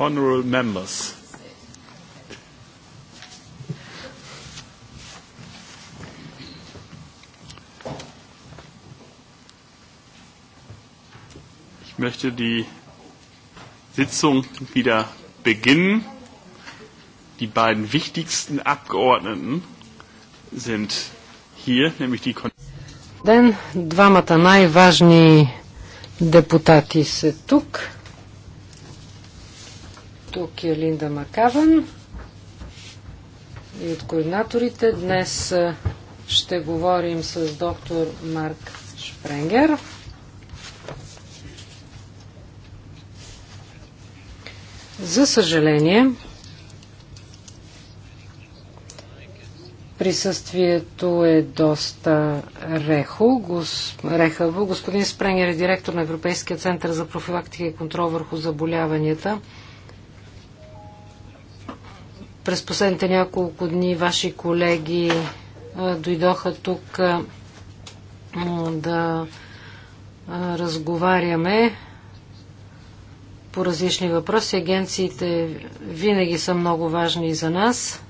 honourable members. Ich möchte die Sitzung wieder beginnen. Die beiden wichtigsten Abgeordneten sind hier, nämlich die Ден, двамата най-важни депутати са тук. Тук е Линда Макаван и от координаторите. Днес ще говорим с доктор Марк Шпренгер. За съжаление, присъствието е доста рехо. Гос... рехаво. Господин Спренгер е директор на Европейския център за профилактика и контрол върху заболяванията през последните няколко дни ваши колеги дойдоха тук да разговаряме по различни въпроси. Агенциите винаги са много важни за нас.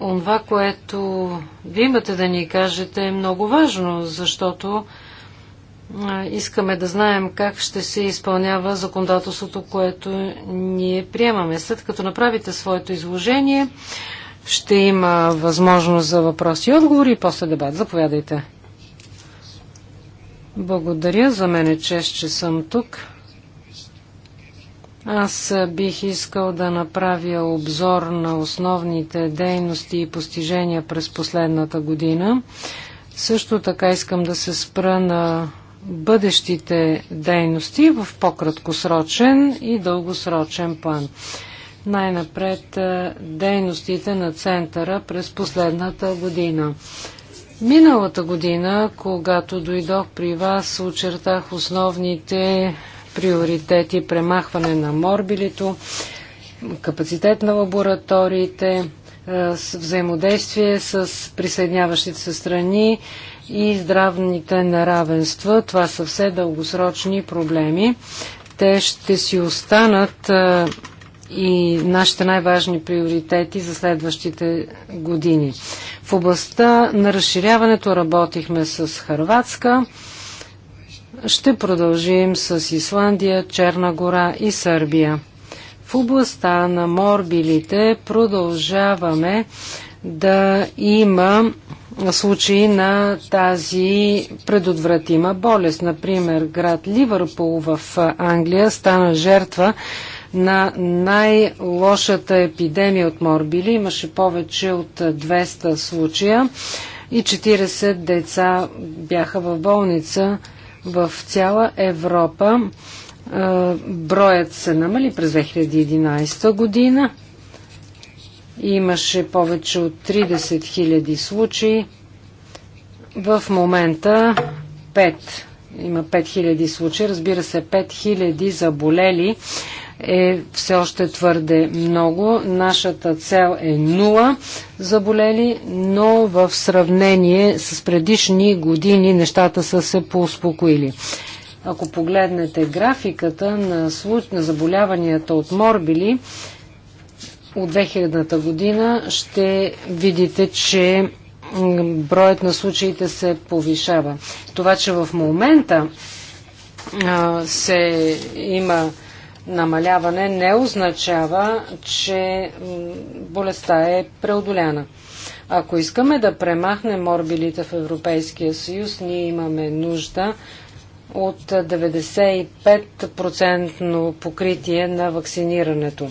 Онова, което ви имате да ни кажете е много важно, защото искаме да знаем как ще се изпълнява законодателството, което ние приемаме. След като направите своето изложение, ще има възможност за въпроси и отговори и после дебат. Заповядайте. Благодаря. За мен е чест, че съм тук. Аз бих искал да направя обзор на основните дейности и постижения през последната година. Също така искам да се спра на бъдещите дейности в по-краткосрочен и дългосрочен план. Най-напред е, дейностите на центъра през последната година. Миналата година, когато дойдох при вас, очертах основните приоритети, премахване на морбилито, капацитет на лабораториите, е, взаимодействие с присъединяващите се страни, и здравните неравенства. Това са все дългосрочни проблеми. Те ще си останат и нашите най-важни приоритети за следващите години. В областта на разширяването работихме с Харватска. Ще продължим с Исландия, Черна гора и Сърбия. В областта на морбилите продължаваме да има случаи на тази предотвратима болест. Например, град Ливърпул в Англия стана жертва на най-лошата епидемия от морбили. Имаше повече от 200 случая и 40 деца бяха в болница в цяла Европа. Е, броят се намали през 2011 година. Имаше повече от 30 000 случаи. В момента 5. Има 5000 случаи. Разбира се, 5000 заболели е все още твърде много. Нашата цел е 0 заболели, но в сравнение с предишни години нещата са се поуспокоили. Ако погледнете графиката на, случ... на заболяванията от морбили, от 2000-та година ще видите, че броят на случаите се повишава. Това, че в момента а, се има намаляване, не означава, че болестта е преодоляна. Ако искаме да премахнем морбилите в Европейския съюз, ние имаме нужда от 95% покритие на вакцинирането.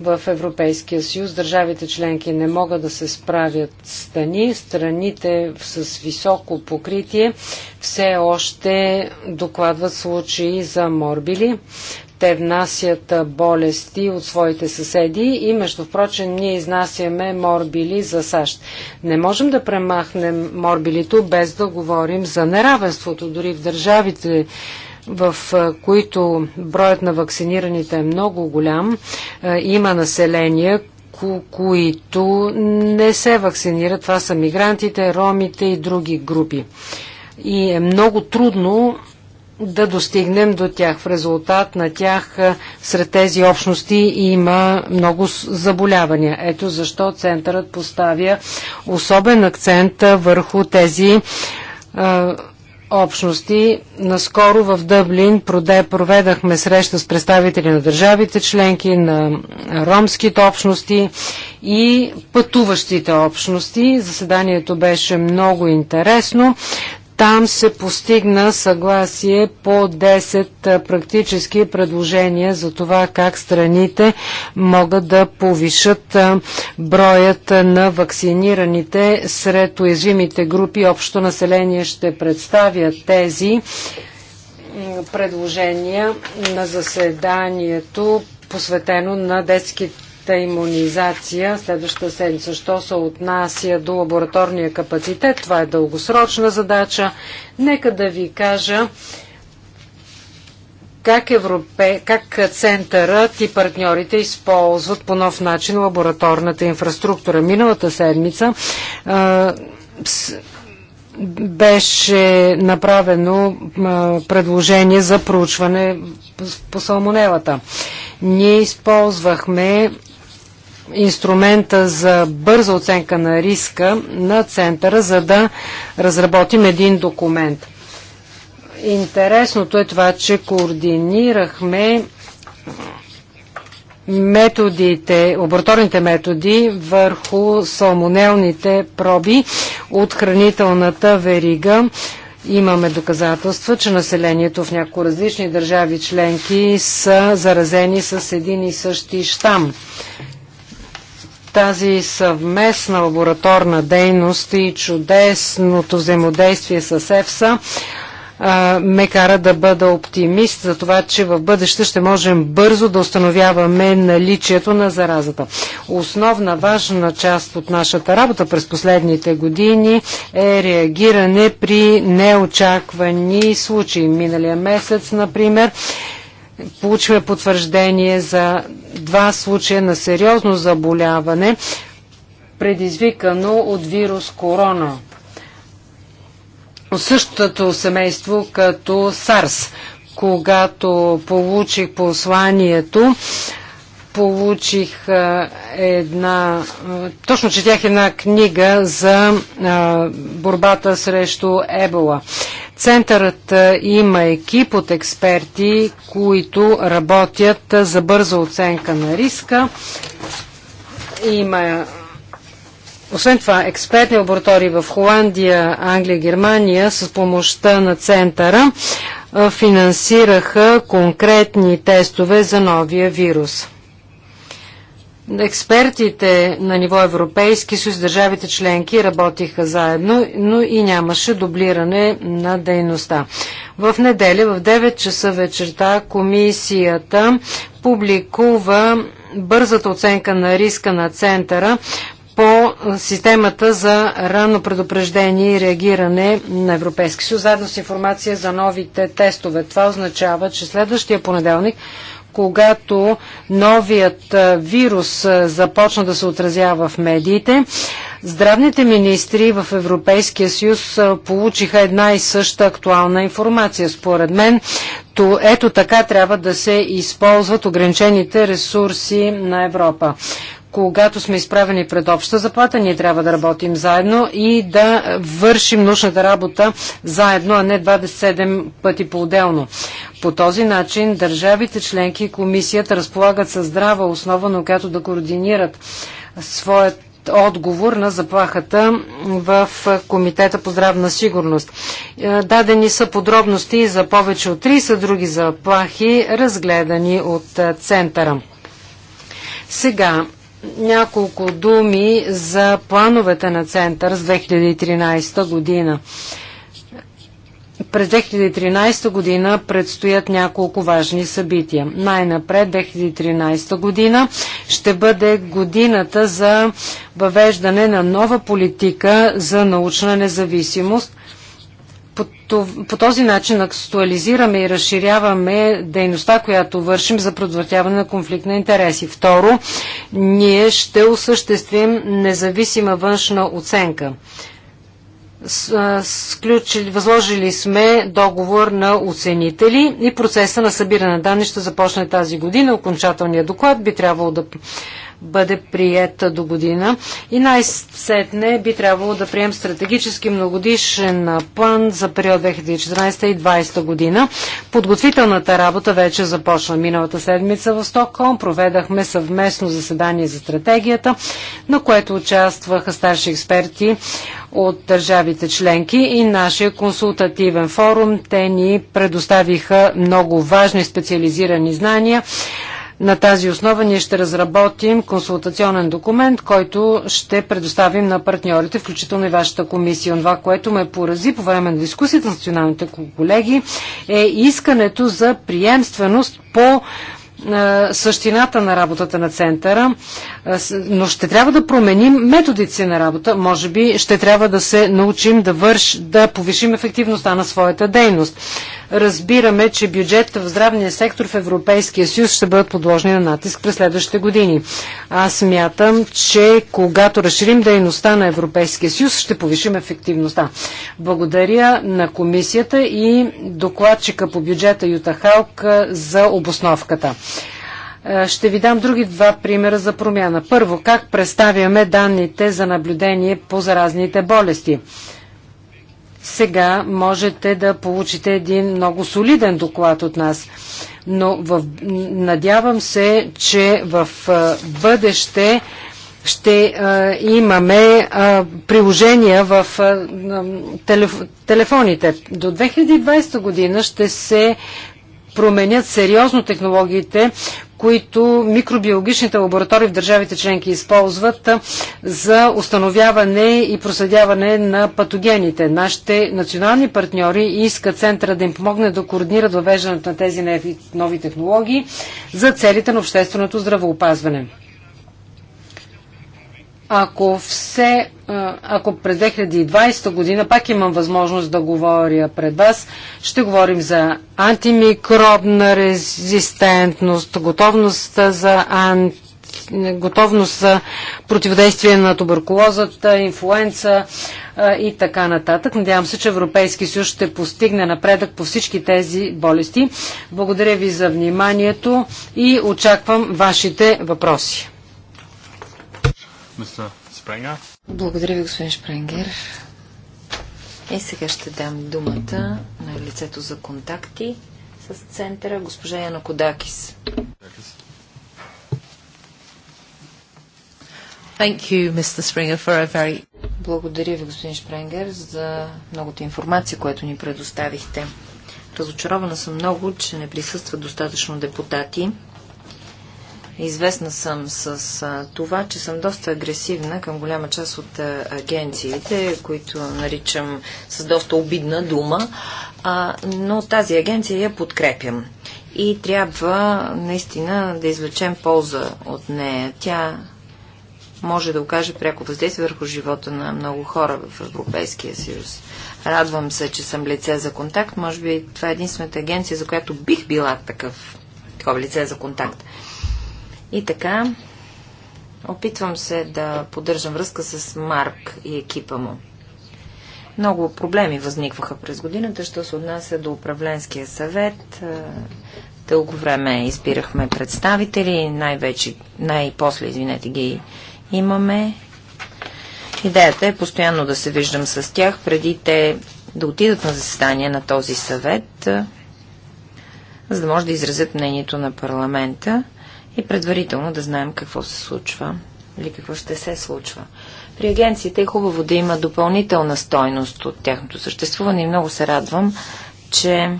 В Европейския съюз държавите членки не могат да се справят с тани. Страните с високо покритие все още докладват случаи за морбили те внасят болести от своите съседи и между впрочем ние изнасяме морбили за САЩ. Не можем да премахнем морбилито без да говорим за неравенството. Дори в държавите, в които броят на вакцинираните е много голям, има население, които не се вакцинират. Това са мигрантите, ромите и други групи. И е много трудно да достигнем до тях. В резултат на тях сред тези общности има много заболявания. Ето защо центърът поставя особен акцент върху тези а, общности. Наскоро в Дъблин проведахме среща с представители на държавите членки, на ромските общности и пътуващите общности. Заседанието беше много интересно. Там се постигна съгласие по 10 практически предложения за това как страните могат да повишат броят на вакцинираните сред уязвимите групи. Общо население ще представя тези предложения на заседанието посветено на детските първата иммунизация следващата седмица. Що се отнася до лабораторния капацитет, това е дългосрочна задача. Нека да ви кажа как, Европе, как центърът и партньорите използват по нов начин лабораторната инфраструктура. Миналата седмица а, беше направено а, предложение за проучване по, по салмонелата. Ние използвахме инструмента за бърза оценка на риска на центъра, за да разработим един документ. Интересното е това, че координирахме методите, лабораторните методи върху салмонелните проби от хранителната верига. Имаме доказателства, че населението в някои различни държави членки са заразени с един и същи щам. Тази съвместна лабораторна дейност и чудесното взаимодействие с ЕФСА ме кара да бъда оптимист за това, че в бъдеще ще можем бързо да установяваме наличието на заразата. Основна важна част от нашата работа през последните години е реагиране при неочаквани случаи. Миналия месец, например, получиме потвърждение за два случая на сериозно заболяване, предизвикано от вирус корона. Същото семейство като САРС. Когато получих посланието, получих една, точно четях една книга за борбата срещу Ебола. Центърът има екип от експерти, които работят за бърза оценка на риска. Има освен това, експертни лаборатории в Холандия, Англия, Германия с помощта на центъра финансираха конкретни тестове за новия вирус. Експертите на ниво Европейски съюз, държавите членки работиха заедно, но и нямаше дублиране на дейността. В неделя в 9 часа вечерта комисията публикува бързата оценка на риска на центъра по системата за ранно предупреждение и реагиране на Европейски съюз, заедно с информация за новите тестове. Това означава, че следващия понеделник когато новият вирус започна да се отразява в медиите, здравните министри в Европейския съюз получиха една и съща актуална информация. Според мен, то ето така трябва да се използват ограничените ресурси на Европа когато сме изправени пред обща заплата, ние трябва да работим заедно и да вършим нужната работа заедно, а не 27 пъти по-отделно. По този начин държавите членки и комисията разполагат със здрава основа, на която да координират своят отговор на заплахата в Комитета по здравна сигурност. Е, дадени са подробности за повече от 30 други заплахи, разгледани от е, центъра. Сега няколко думи за плановете на център с 2013 година. През 2013 година предстоят няколко важни събития. Най-напред 2013 година ще бъде годината за въвеждане на нова политика за научна независимост – по, по този начин актуализираме и разширяваме дейността, която вършим за предотвратяване на конфликт на интереси. Второ, ние ще осъществим независима външна оценка. Сключили, възложили сме договор на оценители и процеса на събиране на данни ще започне тази година. Окончателният доклад би трябвало да бъде приета до година. И най-сетне би трябвало да прием стратегически многодишен план за период 2014 и 2020 година. Подготвителната работа вече започна миналата седмица в Стокхолм. Проведахме съвместно заседание за стратегията, на което участваха старши експерти от държавите членки и нашия консултативен форум. Те ни предоставиха много важни специализирани знания на тази основа ние ще разработим консултационен документ, който ще предоставим на партньорите, включително и вашата комисия. Това, което ме порази по време на дискусията с националните колеги, е искането за приемственост по същината на работата на центъра, но ще трябва да променим методици на работа. Може би ще трябва да се научим да, върш, да повишим ефективността на своята дейност. Разбираме, че бюджетът в здравния сектор в Европейския съюз ще бъдат подложени на натиск през следващите години. Аз мятам, че когато разширим дейността на Европейския съюз, ще повишим ефективността. Благодаря на комисията и докладчика по бюджета Юта Халк за обосновката. Ще ви дам други два примера за промяна. Първо, как представяме данните за наблюдение по заразните болести сега можете да получите един много солиден доклад от нас. Но в, надявам се, че в бъдеще ще а, имаме а, приложения в а, телеф, телефоните. До 2020 година ще се променят сериозно технологиите, които микробиологичните лаборатории в държавите членки използват за установяване и проследяване на патогените. Нашите национални партньори искат центъра да им помогне да координират въвеждането на тези нови технологии за целите на общественото здравеопазване. Ако все, ако през 2020 година пак имам възможност да говоря пред вас, ще говорим за антимикробна резистентност, готовност за анти готовност за противодействие на туберкулозата, инфлуенца и така нататък. Надявам се, че Европейски съюз ще постигне напредък по всички тези болести. Благодаря ви за вниманието и очаквам вашите въпроси. Благодаря ви, господин Шпренгер. И сега ще дам думата на лицето за контакти с центъра, госпожа Яна Кодакис. Thank you, Mr. Springer, for a very... Благодаря ви, господин Шпренгер, за многото информация, която ни предоставихте. Разочарована съм много, че не присъстват достатъчно депутати, Известна съм с а, това, че съм доста агресивна към голяма част от а, агенциите, които наричам с доста обидна дума, а, но тази агенция я подкрепям. И трябва наистина да извлечем полза от нея. Тя може да окаже пряко въздействие върху живота на много хора в Европейския съюз. Радвам се, че съм лице за контакт. Може би това е единствената агенция, за която бих била такъв, такова лице за контакт. И така, опитвам се да поддържам връзка с Марк и екипа му. Много проблеми възникваха през годината, що се отнася до управленския съвет. Е, дълго време избирахме представители, най-вече, най-после, извинете, ги имаме. Идеята е постоянно да се виждам с тях, преди те да отидат на заседание на този съвет, е, за да може да изразят мнението на парламента и предварително да знаем какво се случва или какво ще се случва. При агенциите е хубаво да има допълнителна стойност от тяхното съществуване и много се радвам, че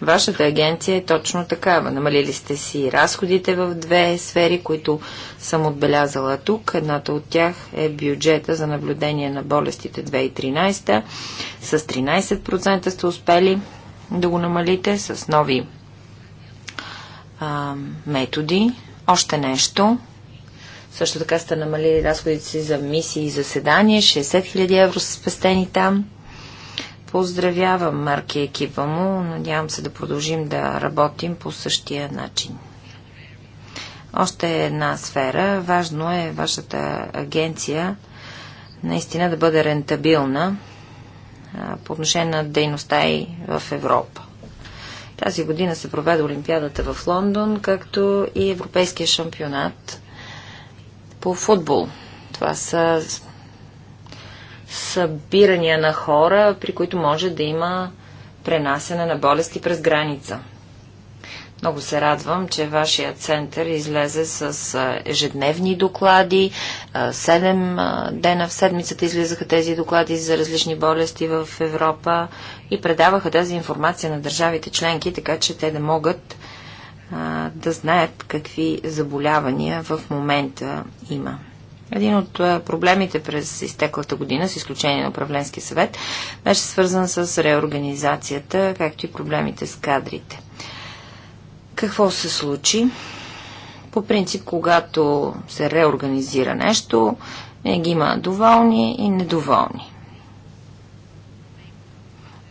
вашата агенция е точно такава. Намалили сте си разходите в две сфери, които съм отбелязала тук. Едната от тях е бюджета за наблюдение на болестите 2013. С 13% сте успели да го намалите с нови а, методи. Още нещо. Също така сте намалили разходите си за мисии и заседания. 60 000 евро са спестени там. Поздравявам Марки и екипа му. Надявам се да продължим да работим по същия начин. Още една сфера. Важно е вашата агенция наистина да бъде рентабилна по отношение на дейността и в Европа. Тази година се проведе Олимпиадата в Лондон, както и Европейския шампионат по футбол. Това са събирания на хора, при които може да има пренасене на болести през граница. Много се радвам, че вашия център излезе с ежедневни доклади. Седем дена в седмицата излизаха тези доклади за различни болести в Европа и предаваха тази информация на държавите членки, така че те да могат да знаят какви заболявания в момента има. Един от проблемите през изтеклата година, с изключение на управленски съвет, беше свързан с реорганизацията, както и проблемите с кадрите. Какво се случи? По принцип, когато се реорганизира нещо, не ги има доволни и недоволни.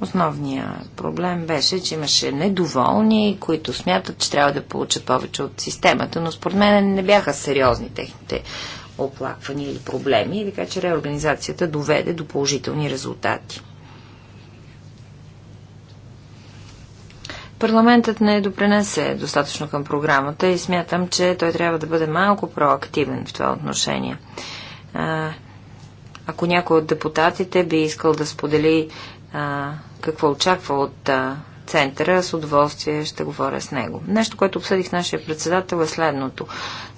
Основният проблем беше, че имаше недоволни, които смятат, че трябва да получат повече от системата, но според мен не бяха сериозни техните оплаквания или проблеми, така че реорганизацията доведе до положителни резултати. Парламентът не допренесе достатъчно към програмата и смятам, че той трябва да бъде малко проактивен в това отношение. А, ако някой от депутатите би искал да сподели а, какво очаква от а, центъра, с удоволствие ще говоря с него. Нещо, което обсъдих с нашия председател е следното.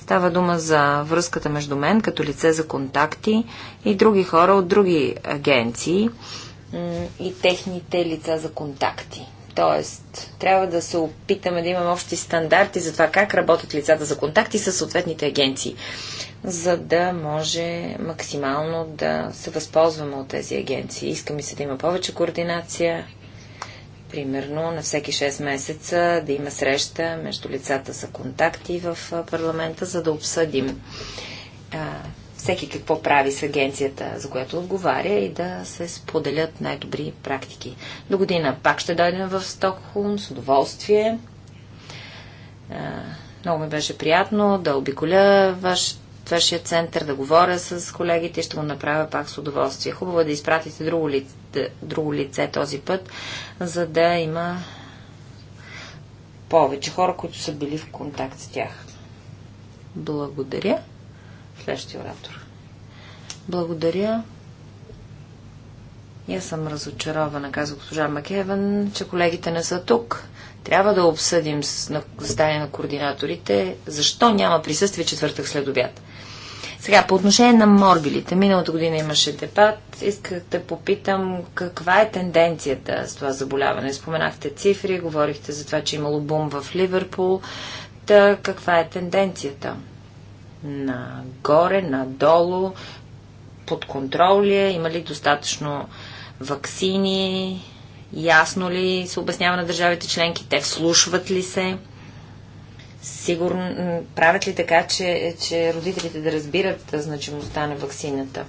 Става дума за връзката между мен като лице за контакти и други хора от други агенции и техните лица за контакти. Тоест, трябва да се опитаме да имаме общи стандарти за това как работят лицата за контакти с съответните агенции, за да може максимално да се възползваме от тези агенции. Искаме се да има повече координация, примерно на всеки 6 месеца да има среща между лицата за контакти в парламента, за да обсъдим всеки какво прави с агенцията, за която отговаря и да се споделят най-добри практики. До година пак ще дойдем в Стокхолм с удоволствие. Много ми беше приятно да обиколя ваш, вашия център, да говоря с колегите и ще го направя пак с удоволствие. Хубаво е да изпратите друго лице, друго лице този път, за да има повече хора, които са били в контакт с тях. Благодаря. Следващия оратор. Благодаря. И аз съм разочарована, каза госпожа Макевен, че колегите не са тук. Трябва да обсъдим с заседание на координаторите, защо няма присъствие четвъртък след обяд. Сега, по отношение на морбилите, миналата година имаше дебат. Исках да попитам каква е тенденцията с това заболяване. Споменахте цифри, говорихте за това, че имало бум в Ливърпул. Та каква е тенденцията? нагоре, надолу, под контрол ли е, има ли достатъчно вакцини, ясно ли се обяснява на държавите членки, те вслушват ли се, сигурно правят ли така, че, че родителите да разбират значимостта на вакцината.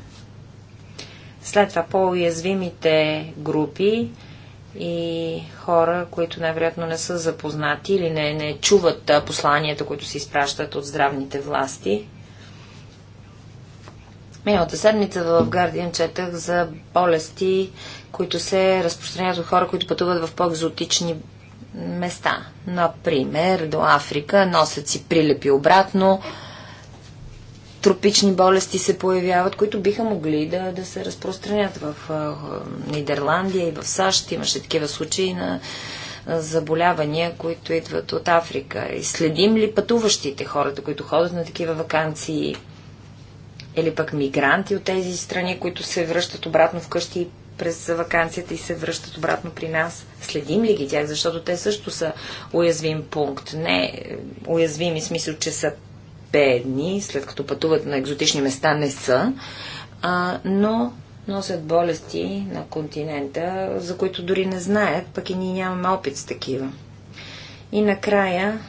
След това по-уязвимите групи, и хора, които най-вероятно не са запознати или не, не чуват посланията, които се изпращат от здравните власти. Миналата седмица в Guardian четах за болести, които се разпространяват от хора, които пътуват в по-екзотични места. Например, до Африка носят си прилепи обратно, тропични болести се появяват, които биха могли да, да се разпространят в Нидерландия и в САЩ. Имаше такива случаи на заболявания, които идват от Африка. И следим ли пътуващите хората, които ходят на такива вакансии? Или пък мигранти от тези страни, които се връщат обратно вкъщи през вакансията и се връщат обратно при нас? Следим ли ги тях? Защото те също са уязвим пункт. Не е, уязвими смисъл, че са бедни, след като пътуват на екзотични места, не са, а, но носят болести на континента, за които дори не знаят, пък и ние нямаме опит с такива. И накрая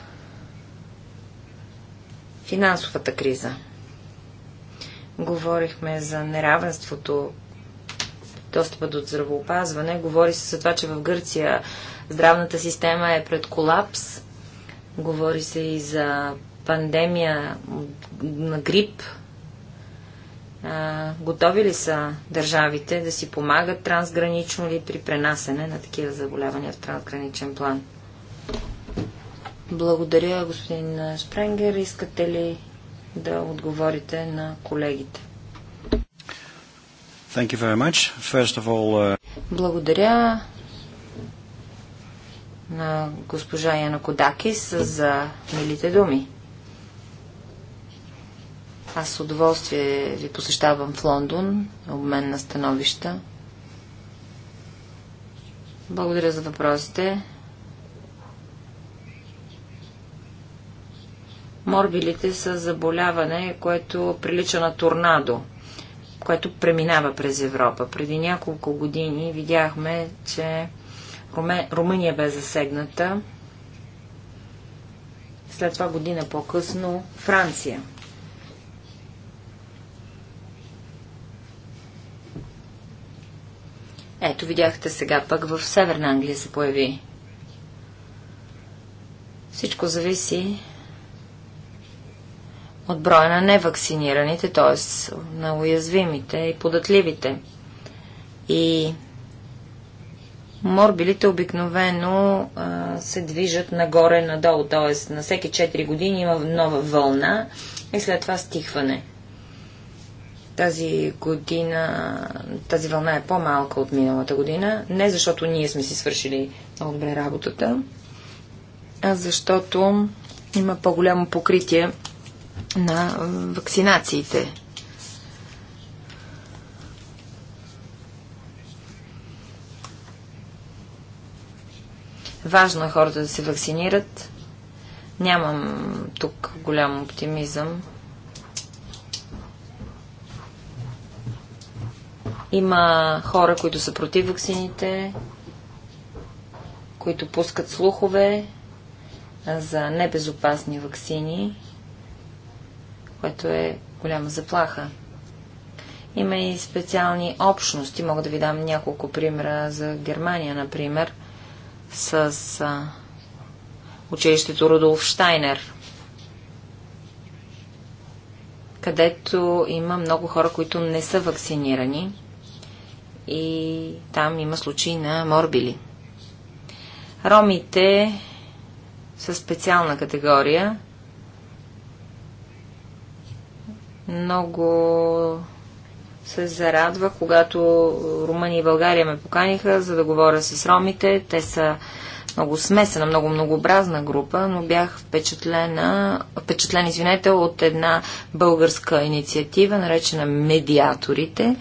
финансовата криза. Говорихме за неравенството, достъпа до здравоопазване. Говори се за това, че в Гърция здравната система е пред колапс. Говори се и за пандемия на грип. А, готови ли са държавите да си помагат трансгранично или при пренасене на такива заболявания в трансграничен план? Благодаря, господин Шпренгер. Искате ли да отговорите на колегите? Thank you very much. First of all, uh... Благодаря на госпожа Яна Кодакис за милите думи. Аз с удоволствие ви посещавам в Лондон, обмен на становища. Благодаря за въпросите. Морбилите са заболяване, което прилича на торнадо, което преминава през Европа. Преди няколко години видяхме, че Румъния бе засегната. След това година по-късно Франция – Ето, видяхте сега пък в Северна Англия се появи. Всичко зависи от броя на невакцинираните, т.е. на уязвимите и податливите. И морбилите обикновено а, се движат нагоре-надолу, т.е. на всеки 4 години има нова вълна и след това стихване. Тази година, тази вълна е по-малка от миналата година, не защото ние сме си свършили много добре работата, а защото има по-голямо покритие на вакцинациите. Важно е хората да се вакцинират. Нямам тук голям оптимизъм. Има хора, които са против вакцините, които пускат слухове за небезопасни вакцини, което е голяма заплаха. Има и специални общности. Мога да ви дам няколко примера за Германия, например, с училището Рудолф Штайнер, където има много хора, които не са вакцинирани и там има случаи на морбили. Ромите са специална категория. Много се зарадва, когато Румъния и България ме поканиха, за да говоря с ромите. Те са много смесена, много многообразна група, но бях впечатлена, впечатлен, извинете, от една българска инициатива, наречена Медиаторите,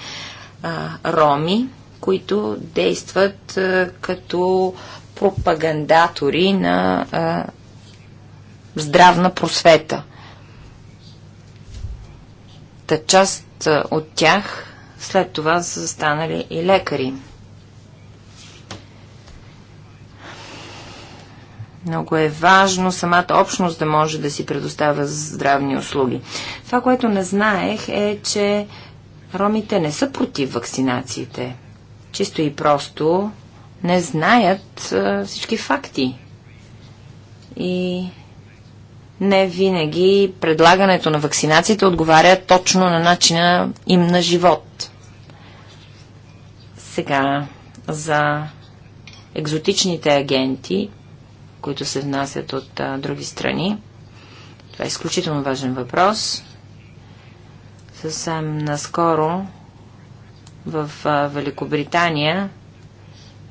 а, роми, които действат а, като пропагандатори на а, здравна просвета. Та част от тях след това са станали и лекари. Много е важно самата общност да може да си предоставя здравни услуги. Това, което не знаех е, че Ромите не са против вакцинациите. Чисто и просто не знаят а, всички факти. И не винаги предлагането на вакцинациите отговаря точно на начина им на живот. Сега за екзотичните агенти, които се внасят от а, други страни. Това е изключително важен въпрос. Съвсем наскоро в Великобритания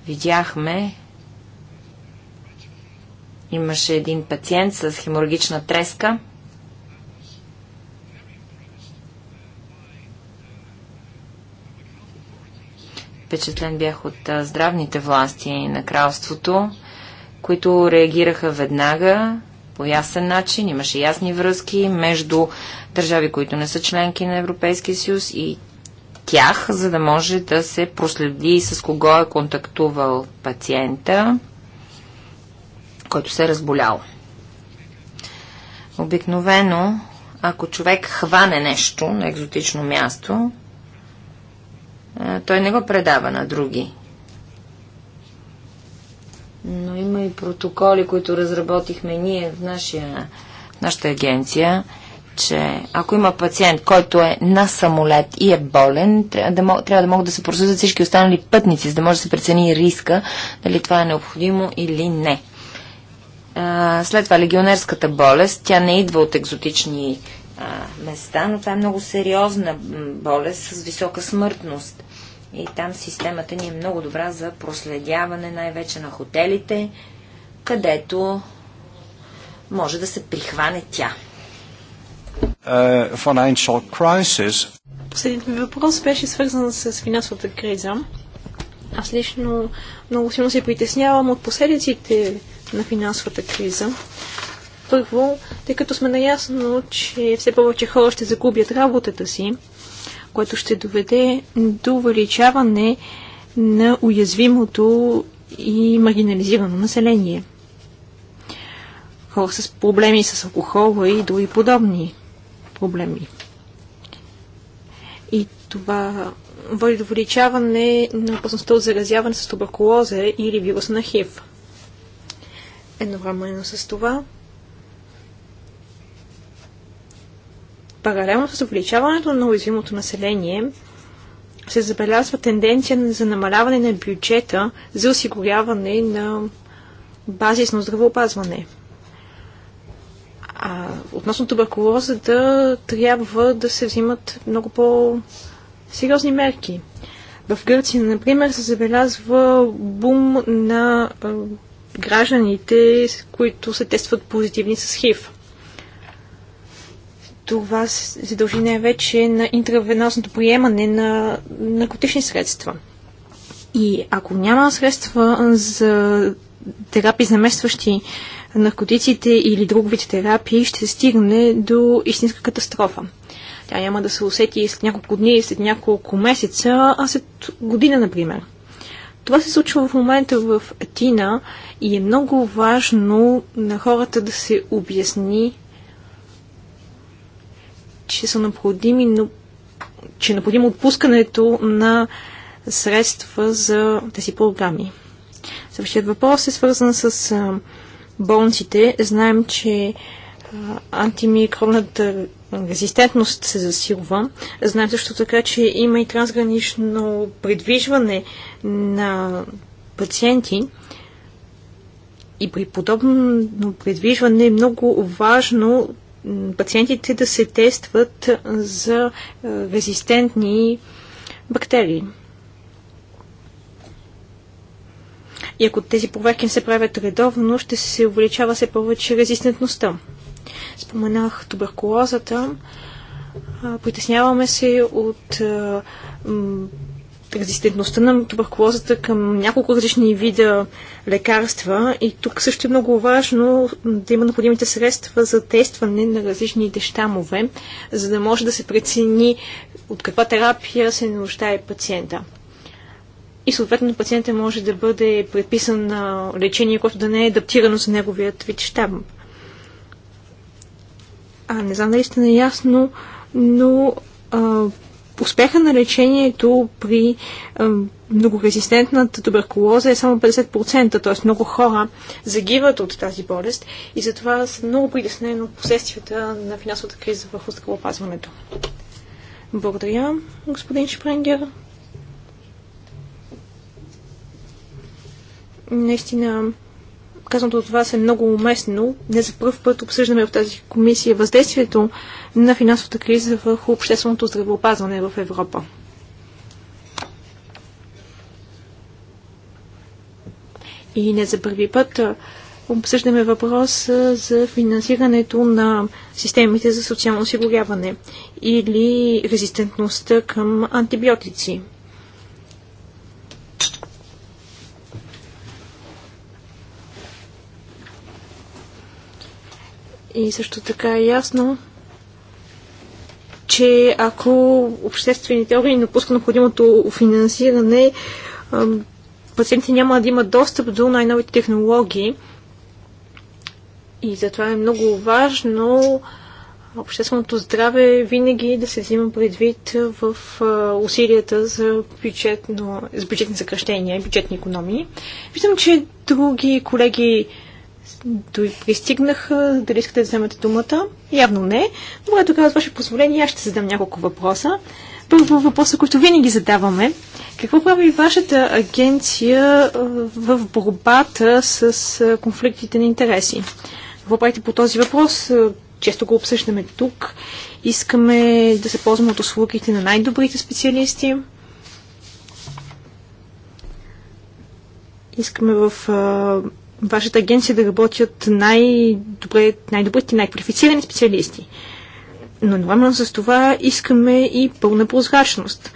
видяхме, имаше един пациент с хеморгична треска. Впечатлен бях от здравните власти на кралството, които реагираха веднага по ясен начин, имаше ясни връзки между държави, които не са членки на Европейския съюз и тях, за да може да се проследи с кого е контактувал пациента, който се е разболял. Обикновено, ако човек хване нещо на екзотично място, той не го предава на други но има и протоколи, които разработихме ние в нашия, в нашата агенция, че ако има пациент, който е на самолет и е болен, трябва да, мог, трябва да могат да се просъдят всички останали пътници, за да може да се прецени риска, дали това е необходимо или не. А, след това легионерската болест, тя не идва от екзотични а, места, но това е много сериозна болест с висока смъртност. И там системата ни е много добра за проследяване най-вече на хотелите, където може да се прихване тя. Uh, Последният ми въпрос беше свързан с финансовата криза. Аз лично много силно се притеснявам от последиците на финансовата криза. Първо, тъй като сме наясно, че все повече хора ще загубят работата си, което ще доведе до увеличаване на уязвимото и маргинализирано население. Хора с проблеми с алкохола и други подобни проблеми. И това води до увеличаване на опасността от заразяване с туберкулоза или вирус на ХИВ. Едновременно с това Паралелно с увеличаването на уязвимото население, се забелязва тенденция за намаляване на бюджета за осигуряване на базисно здравеопазване. А относно туберкулозата трябва да се взимат много по-сериозни мерки. В Гърция, например, се забелязва бум на гражданите, които се тестват позитивни с ХИВ. Това се дължи най-вече на интравенозното приемане на наркотични средства. И ако няма средства за терапии, заместващи наркотиците или друг вид терапии, ще се стигне до истинска катастрофа. Тя няма да се усети след няколко дни, след няколко месеца, а след година, например. Това се случва в момента в Атина и е много важно на хората да се обясни че са необходими, но, че е необходимо отпускането на средства за тези програми. Същият въпрос е свързан с а, болниците. Знаем, че а, антимикробната резистентност се засилва. Знаем също така, че има и трансгранично предвижване на пациенти. И при подобно предвижване е много важно пациентите да се тестват за е, резистентни бактерии. И ако тези проверки не се правят редовно, ще се увеличава все повече резистентността. Споменах туберкулозата. Притесняваме се от е, резистентността на туберкулозата към няколко различни вида лекарства. И тук също е много важно да има необходимите средства за тестване на различните щамове, за да може да се прецени от каква терапия се нуждае пациента. И съответно пациента може да бъде предписан на лечение, което да не е адаптирано за неговият вид щам. А не знам дали сте наясно, но а, успеха на лечението при многорезистентната туберкулоза е само 50%, т.е. много хора загиват от тази болест и затова са много притеснени от последствията на финансовата криза върху здравеопазването. Благодаря, господин Шпренгер. Наистина, казаното от вас е много уместно. Не за първ път обсъждаме в тази комисия въздействието на финансовата криза върху общественото здравеопазване в Европа. И не за първи път обсъждаме въпрос за финансирането на системите за социално осигуряване или резистентността към антибиотици. И също така е ясно, че ако обществените органи напускат необходимото финансиране, пациентите няма да имат достъп до най-новите технологии. И затова е много важно общественото здраве винаги да се взима предвид в усилията за, бюджетно, за бюджетни съкръщения и бюджетни економии. Виждам, че други колеги пристигнаха, дали искате да вземете думата? Явно не. Добре, тогава с ваше позволение аз ще задам няколко въпроса. Първо въпроса, който винаги задаваме. Какво прави вашата агенция в борбата с конфликтите на интереси? Какво правите по този въпрос? Често го обсъждаме тук. Искаме да се ползваме от услугите на най-добрите специалисти. Искаме в вашата агенция да работят най-добре, най-добрите, най-квалифицирани специалисти. Но нормално с това искаме и пълна прозрачност.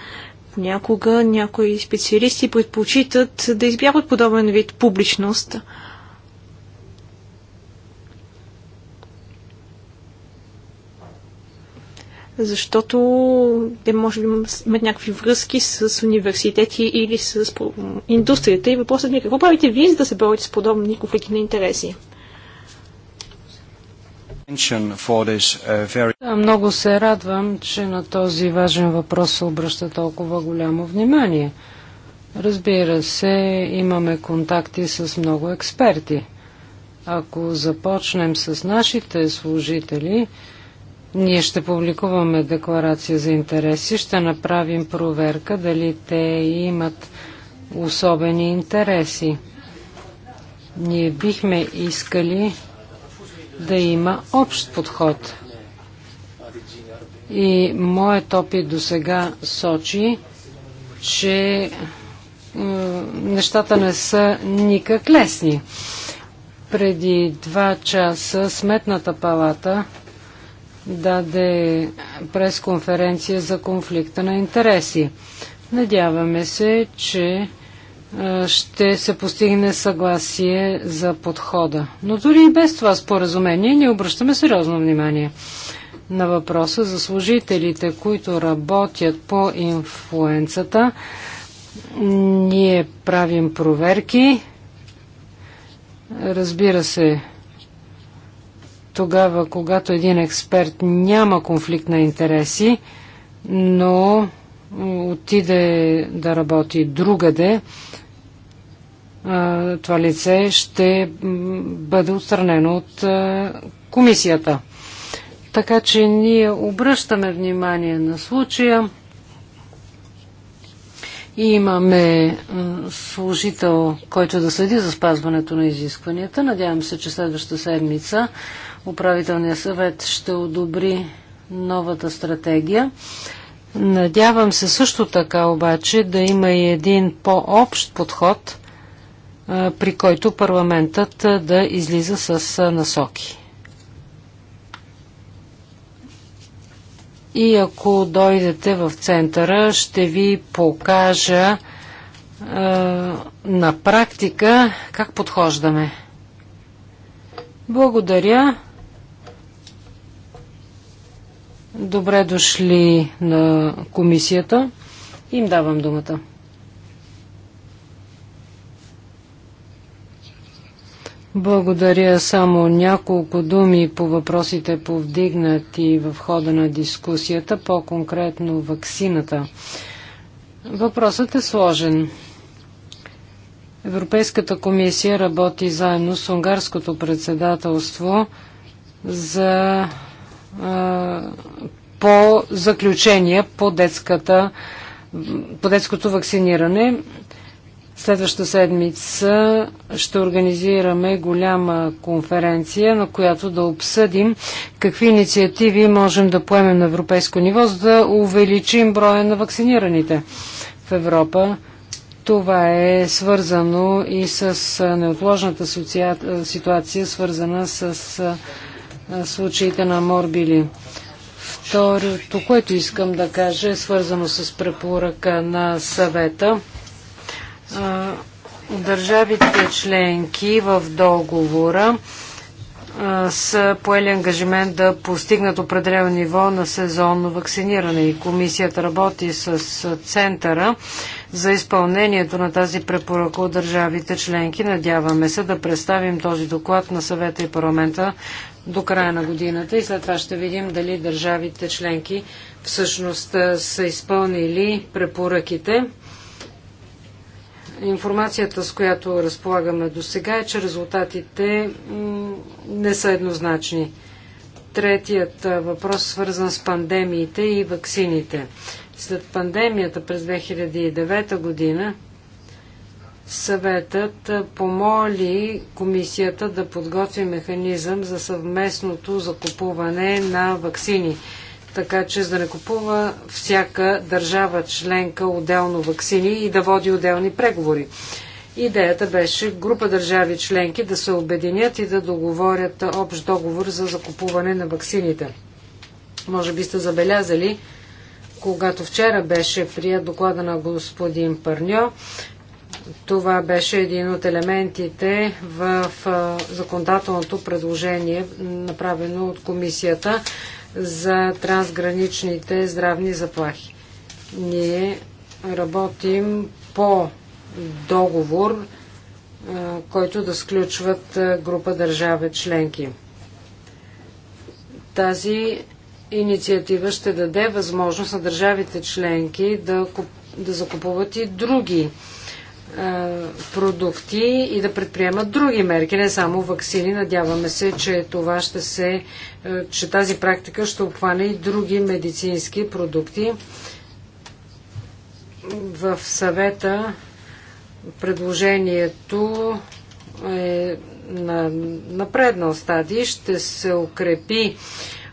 Понякога някои специалисти предпочитат да избягват подобен вид публичност, защото те може би имат някакви връзки с университети или с индустрията. И въпросът ми е какво правите вие, за да се борите с подобни конфликти на интереси? Uh, много се радвам, че на този важен въпрос се обръща толкова голямо внимание. Разбира се, имаме контакти с много експерти. Ако започнем с нашите служители, ние ще публикуваме декларация за интереси, ще направим проверка дали те имат особени интереси. Ние бихме искали да има общ подход. И моят опит до сега сочи, че е, нещата не са никак лесни. Преди два часа Сметната палата даде пресконференция за конфликта на интереси. Надяваме се, че ще се постигне съгласие за подхода. Но дори и без това споразумение ние обръщаме сериозно внимание на въпроса за служителите, които работят по инфлуенцата. Ние правим проверки. Разбира се, тогава, когато един експерт няма конфликт на интереси, но отиде да работи другаде, това лице ще бъде отстранено от комисията. Така че ние обръщаме внимание на случая и имаме служител, който да следи за спазването на изискванията. Надявам се, че следващата седмица управителният съвет ще одобри новата стратегия. Надявам се също така обаче да има и един по-общ подход, при който парламентът да излиза с насоки. И ако дойдете в центъра, ще ви покажа е, на практика как подхождаме. Благодаря. Добре дошли на комисията. Им давам думата. Благодаря само няколко думи по въпросите повдигнати в хода на дискусията, по-конкретно ваксината. Въпросът е сложен. Европейската комисия работи заедно с унгарското председателство за а, по заключение по детската по детското вакциниране. Следващата седмица ще организираме голяма конференция, на която да обсъдим какви инициативи можем да поемем на европейско ниво, за да увеличим броя на вакцинираните в Европа. Това е свързано и с неотложната ситуация, свързана с случаите на морбили. Второто, което искам да кажа, е свързано с препоръка на съвета Държавите членки в договора са поели ангажимент да постигнат определено ниво на сезонно вакциниране и комисията работи с центъра за изпълнението на тази препоръка от държавите членки. Надяваме се да представим този доклад на съвета и парламента до края на годината и след това ще видим дали държавите членки всъщност са изпълнили препоръките информацията, с която разполагаме до сега, е, че резултатите не са еднозначни. Третият въпрос свързан с пандемиите и ваксините. След пандемията през 2009 година съветът помоли комисията да подготви механизъм за съвместното закупуване на ваксини така че да не купува всяка държава членка отделно вакцини и да води отделни преговори. Идеята беше група държави членки да се обединят и да договорят общ договор за закупуване на ваксините. Може би сте забелязали, когато вчера беше прият доклада на господин Парньо, това беше един от елементите в законодателното предложение, направено от комисията за трансграничните здравни заплахи. Ние работим по договор, който да сключват група държави членки. Тази инициатива ще даде възможност на държавите членки да, да закупуват и други е, продукти и да предприемат други мерки, не само вакцини. Надяваме се, че това ще се, е, че тази практика ще обхване и други медицински продукти. В съвета предложението е на напреднал стадий, ще се укрепи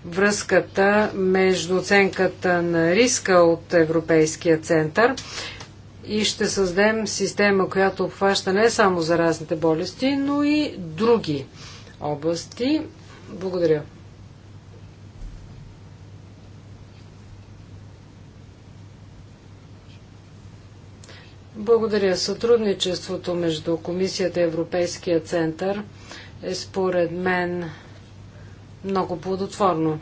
връзката между оценката на риска от Европейския център и ще създадем система, която обхваща не само заразните болести, но и други области. Благодаря. Благодаря. Сътрудничеството между Комисията и Европейския център е според мен много плодотворно.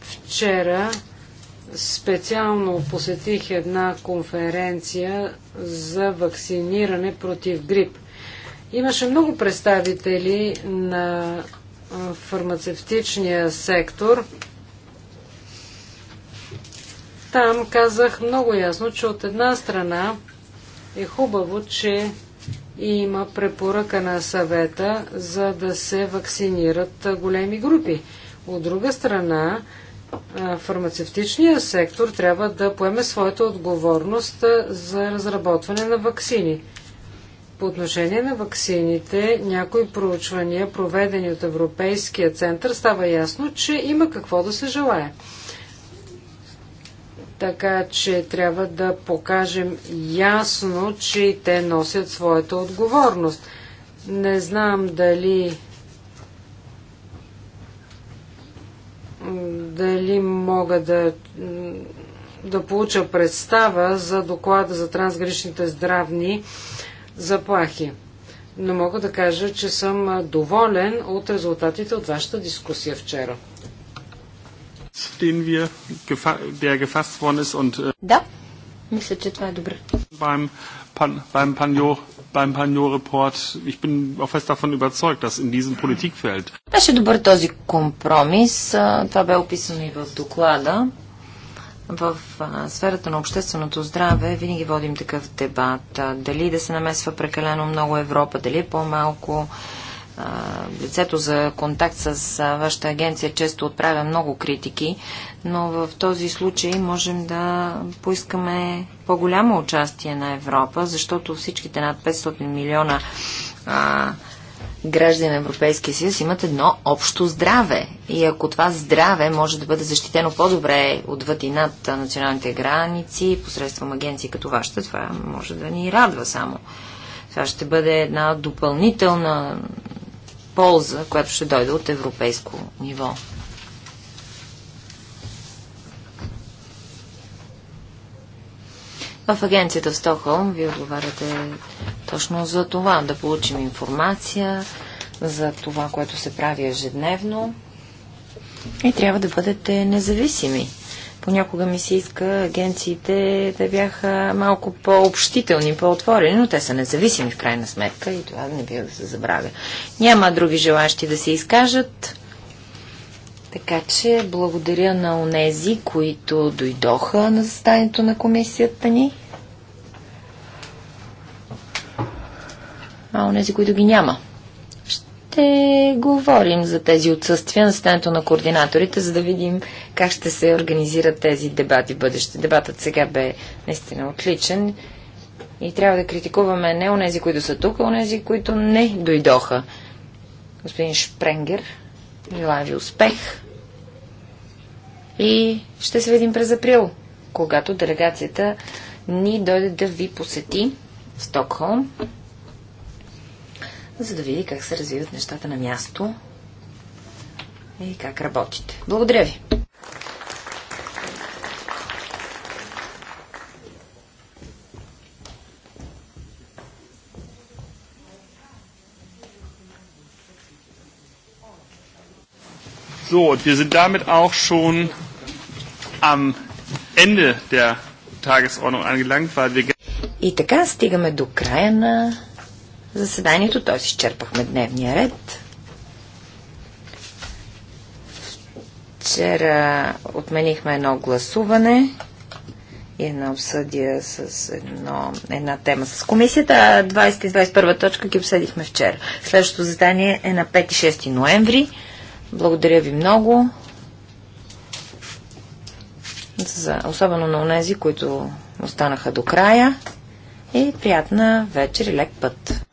Вчера Специално посетих една конференция за вакциниране против грип. Имаше много представители на фармацевтичния сектор. Там казах много ясно, че от една страна е хубаво, че има препоръка на съвета за да се вакцинират големи групи. От друга страна, фармацевтичният сектор трябва да поеме своята отговорност за разработване на вакцини. По отношение на ваксините, някои проучвания, проведени от Европейския център, става ясно, че има какво да се желая. Така че трябва да покажем ясно, че и те носят своята отговорност. Не знам дали дали мога да, да получа представа за доклада за трансграничните здравни заплахи. Но мога да кажа, че съм доволен от резултатите от вашата дискусия вчера. Äh, да, мисля, че това е добре. Pan, beim Panjo beim Panjo-Report. Ich bin auch fest davon überzeugt, dass in diesem Politikfeld. Беше добър този компромис. Това бе описано и в доклада. В сферата на общественото здраве винаги водим такъв дебат. Дали да се намесва прекалено много Европа, дали е по-малко лицето за контакт с вашата агенция често отправя много критики, но в този случай можем да поискаме по-голямо участие на Европа, защото всичките над 500 милиона а, граждани на Европейския съюз имат едно общо здраве. И ако това здраве може да бъде защитено по-добре отвъд и над националните граници, посредством агенции като вашата, това може да ни радва само. Това ще бъде една допълнителна полза, която ще дойде от европейско ниво. В агенцията в Стокхолм ви отговаряте точно за това, да получим информация за това, което се прави ежедневно. И трябва да бъдете независими. Понякога ми се иска агенциите да бяха малко по-общителни, по-отворени, но те са независими в крайна сметка и това не бива да се забравя. Няма други желащи да се изкажат. Така че благодаря на онези, които дойдоха на застанието на комисията ни. А онези, които ги няма ще говорим за тези отсъствия на стането на координаторите, за да видим как ще се организират тези дебати в бъдеще. Дебатът сега бе наистина отличен и трябва да критикуваме не онези, които са тук, а онези, които не дойдоха. Господин Шпренгер, желая ви успех и ще се видим през април, когато делегацията ни дойде да ви посети в Стокхолм за да види как се развиват нещата на място и как работите. Благодаря ви! So, und wir sind damit auch schon am Ende der Tagesordnung angelangt, weil wir И така стигаме до края на заседанието, т.е. изчерпахме дневния ред. Вчера отменихме едно гласуване и една обсъдия с едно, една тема с комисията. 20 и 21 точка ги обсъдихме вчера. Следващото задание е на 5 и 6 ноември. Благодаря ви много. За, особено на онези, които останаха до края. И приятна вечер и лек път.